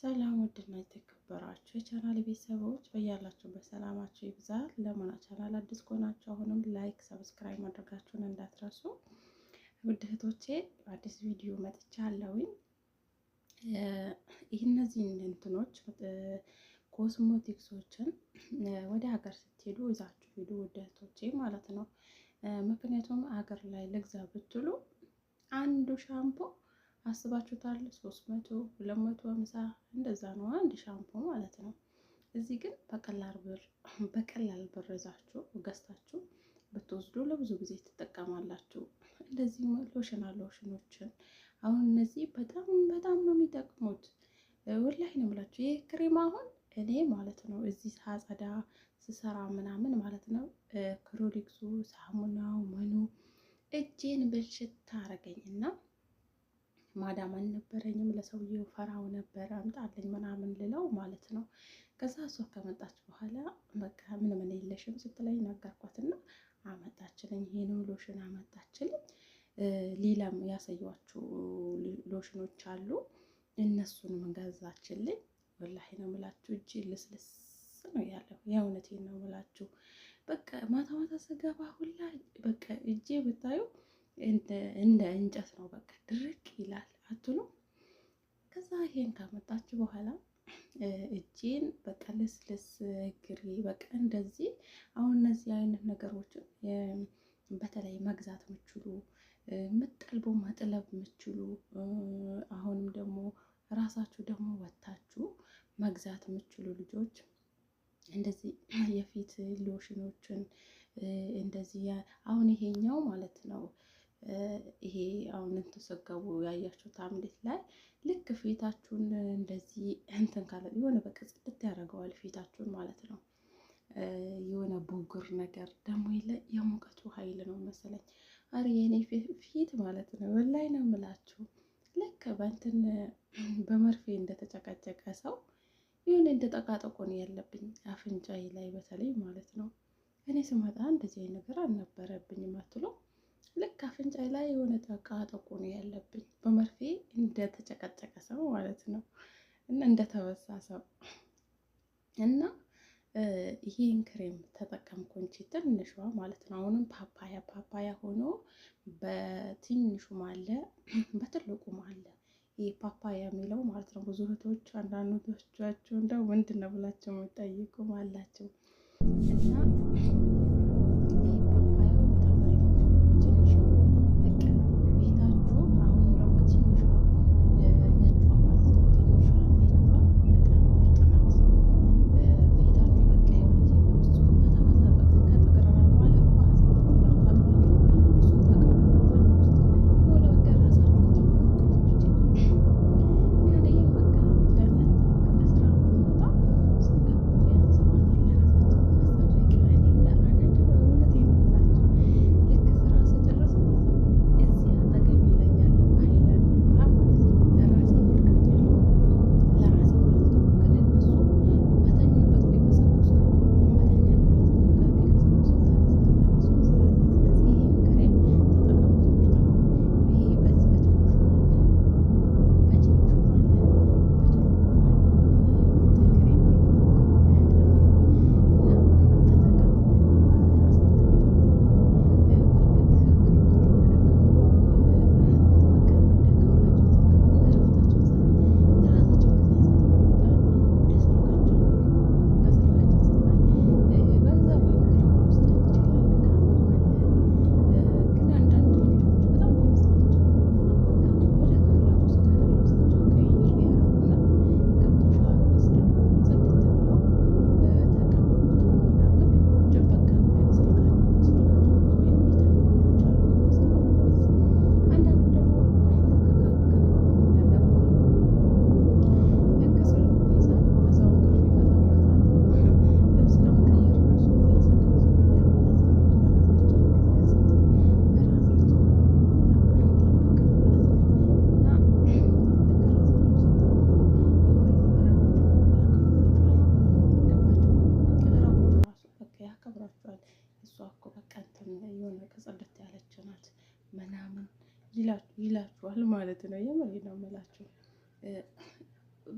ሰላም ውድና የተከበራችሁ የቻናል ቤተሰቦች በያላችሁ በሰላማችሁ ይብዛ። ለሞና ቻናል አዲስ ከሆናችሁ አሁንም ላይክ፣ ሰብስክራይብ ማድረጋችሁን እንዳትረሱ። ውድ እህቶቼ አዲስ ቪዲዮ መጥቻለሁኝ። ይህ እነዚህን እንትኖች ኮስሞቲክሶችን ወደ ሀገር ስትሄዱ ይዛችሁ ሂዱ ውድ እህቶቼ ማለት ነው። ምክንያቱም ሀገር ላይ ልግዛ ብትሉ አንዱ ሻምፖ አስባችሁታል? ሶስት መቶ ሁለት መቶ ሃምሳ እንደዛ ነው አንድ ሻምፖ ማለት ነው። እዚህ ግን በቀላል ብር በቀላል ብር ይዛችሁ ገዝታችሁ ብትወስዱ ለብዙ ጊዜ ትጠቀማላችሁ። እንደዚህ ሎሽን ሎሽኖችን አሁን እነዚህ በጣም በጣም ነው የሚጠቅሙት። ወላሂ ነው የምላችሁ። ይህ ክሬም አሁን እኔ ማለት ነው እዚህ ሳጸዳ ስሰራ ምናምን ማለት ነው ክሮሊክሱ ሳሙናው ምኑ እጄን ብልሽት ታረገኝ እና ማዳም አልነበረኝም። ለሰውዬው ፈራው ነበረ አምጣልኝ ምናምን ልለው ማለት ነው። ከዛ እሷ ከመጣች በኋላ በቃ ምን ምን የለሽም ስትለኝ ነገርኳትና አመጣችልኝ። ይህንም ሎሽን አመጣችልኝ። ሌላም ያሳያችሁ ሎሽኖች አሉ። እነሱንም ገዛችልኝ። ወላሂ ነው የምላችሁ እጅ ልስልስ ነው ያለው። የእውነቴን ነው የምላችሁ። በቃ ማታ ማታ ስገባ ሁላ በቃ እጄ ብታዩ እንደ እንጨት ነው፣ በቃ ድርቅ ይላል አትሉ። ከዛ ይሄን ካመጣችሁ በኋላ እጄን በቃ ልስልስ እግሬ በቃ እንደዚህ። አሁን እነዚህ አይነት ነገሮችን በተለይ መግዛት ምችሉ ምጠልቦ መጥለብ ምችሉ አሁንም ደግሞ ራሳችሁ ደግሞ ወታችሁ መግዛት የምችሉ ልጆች እንደዚህ የፊት ሎሽኖችን እንደዚህ አሁን ይሄኛው ማለት ነው ይሄ አሁን ተሰገቡ ያያችሁት አምሌት ላይ ልክ ፊታችሁን እንደዚህ እንትን ካለ የሆነ በቃ ጽድት ያደርገዋል ፊታችሁን ማለት ነው። የሆነ ቡጉር ነገር ደግሞ የለ የሙቀቱ ኃይል ነው መሰለኝ። አረ የኔ ፊት ማለት ነው ወላይ ነው የምላችሁ ልክ በእንትን በመርፌ እንደተጨቀጨቀ ሰው ይሁን እንደጠቃጠቆ ያለብኝ አፍንጫዬ ላይ በተለይ ማለት ነው። እኔ ስመጣ እንደዚህ ነገር አልነበረብኝም። ልክ ላይ የሆነ ተቃጠቁ ነው ያለብኝ በመርፌ እንደተጨቀጨቀ ሰው ማለት ነው እና እንደተበሳ ሰው እና ይህን ክሬም ተጠቀምኩኝ ትንሿ ማለት ነው። አሁንም ፓፓያ ፓፓያ ሆኖ በትንሹም አለ በትልቁም አለ። ይህ ፓፓያ የሚለው ማለት ነው። ብዙ እህቶች አንዳንዶቻችሁ እንደው ምንድን ነው ብላችሁ አላቸው። እና ይላችኋል ማለት ነው። የምሬ ነው የምላችሁ።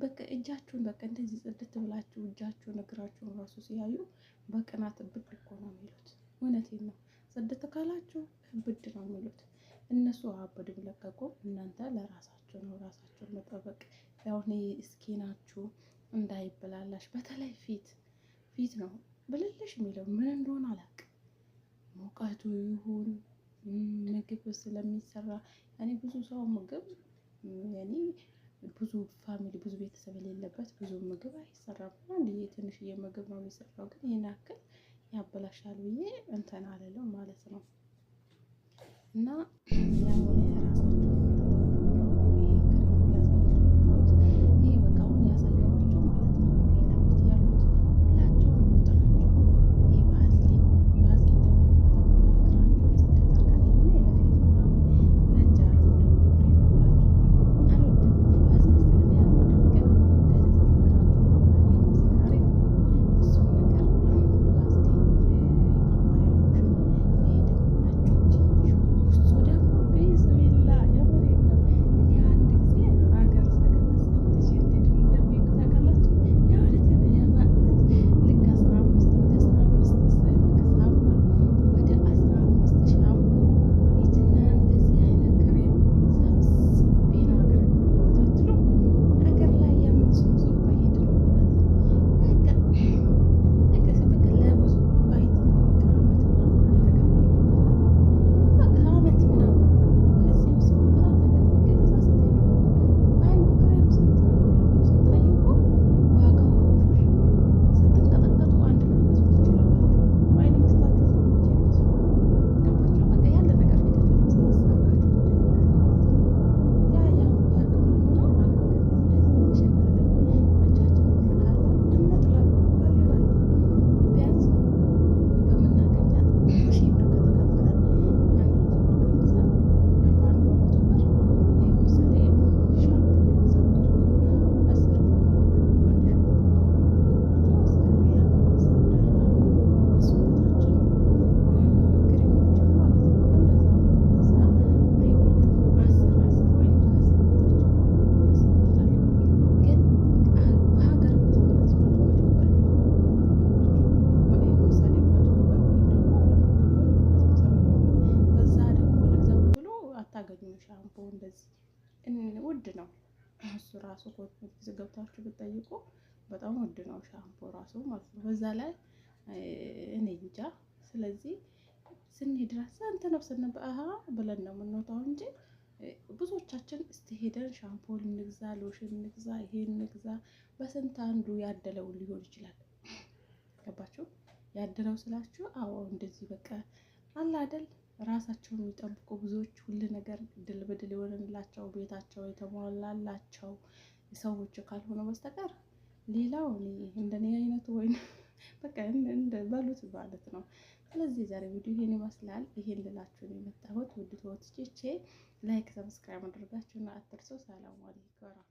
በቃ እጃችሁን በቃ እንደዚህ ጽድት ብላችሁ እጃችሁን እግራችሁን ራሱ ሲያዩ በቅናት ብድ እኮ ነው የሚሉት። እውነቴን ነው። ጽድት ካላችሁ ብድ ነው የሚሉት እነሱ። አበድም ብለቀቁ፣ እናንተ ለራሳችሁ ነው ራሳችሁን መጠበቅ። ያሁን እስኪናችሁ እንዳይበላላሽ። በተለይ ፊት ፊት ነው ብልልሽ የሚለው ምን እንደሆነ አላውቅም። ሙቀቱ ይሁን ምግብ ስለሚሰራ እኔ ብዙ ሰው ምግብ ያኔ ብዙ ፋሚሊ ብዙ ቤተሰብ የሌለበት ብዙ ምግብ አይሰራም። አንድ ትንሽዬ ምግብ ነው የሚሰራው፣ ግን ይህን ያክል ያበላሻል ብዬ እንትን አልልም ማለት ነው እና ውድ ነው። እሱ ራሱ ኮስሞቲክስ ገብታችሁ ብትጠይቁ በጣም ውድ ነው ሻምፖ ራሱ ማለት ነው። በዛ ላይ እኔ እንጃ። ስለዚህ ስንሄድ ራሱ አንተ ነው ስንባል ብለን ነው የምንወጣው እንጂ ብዙዎቻችን እስቲ ሄደን ሻምፖ እንግዛ፣ ሎሽን እንግዛ፣ ይሄ እንግዛ፣ በስንት አንዱ ያደለው ሊሆን ይችላል። ገባችሁ? ያደለው ስላችሁ አዎ እንደዚህ በቃ አለ አይደል ራሳቸውን የሚጠብቁ ብዙዎች ሁሉ ነገር ድል በድል የሆነላቸው ቤታቸው የተሟላላቸው ሰዎች ካልሆነ በስተቀር ሌላው እንደኔ አይነቱ ወይም በቃ በሉት ማለት ነው። ስለዚህ ዛሬ ቪዲዮ ይሄን ይመስላል። ይሄን ልላችሁ ነው የመጣሁት። ውድ ተወትቼ ላይክ፣ ሰብስክራይብ አድርጋችሁና አትርሱ። ሰላም አለይኩም።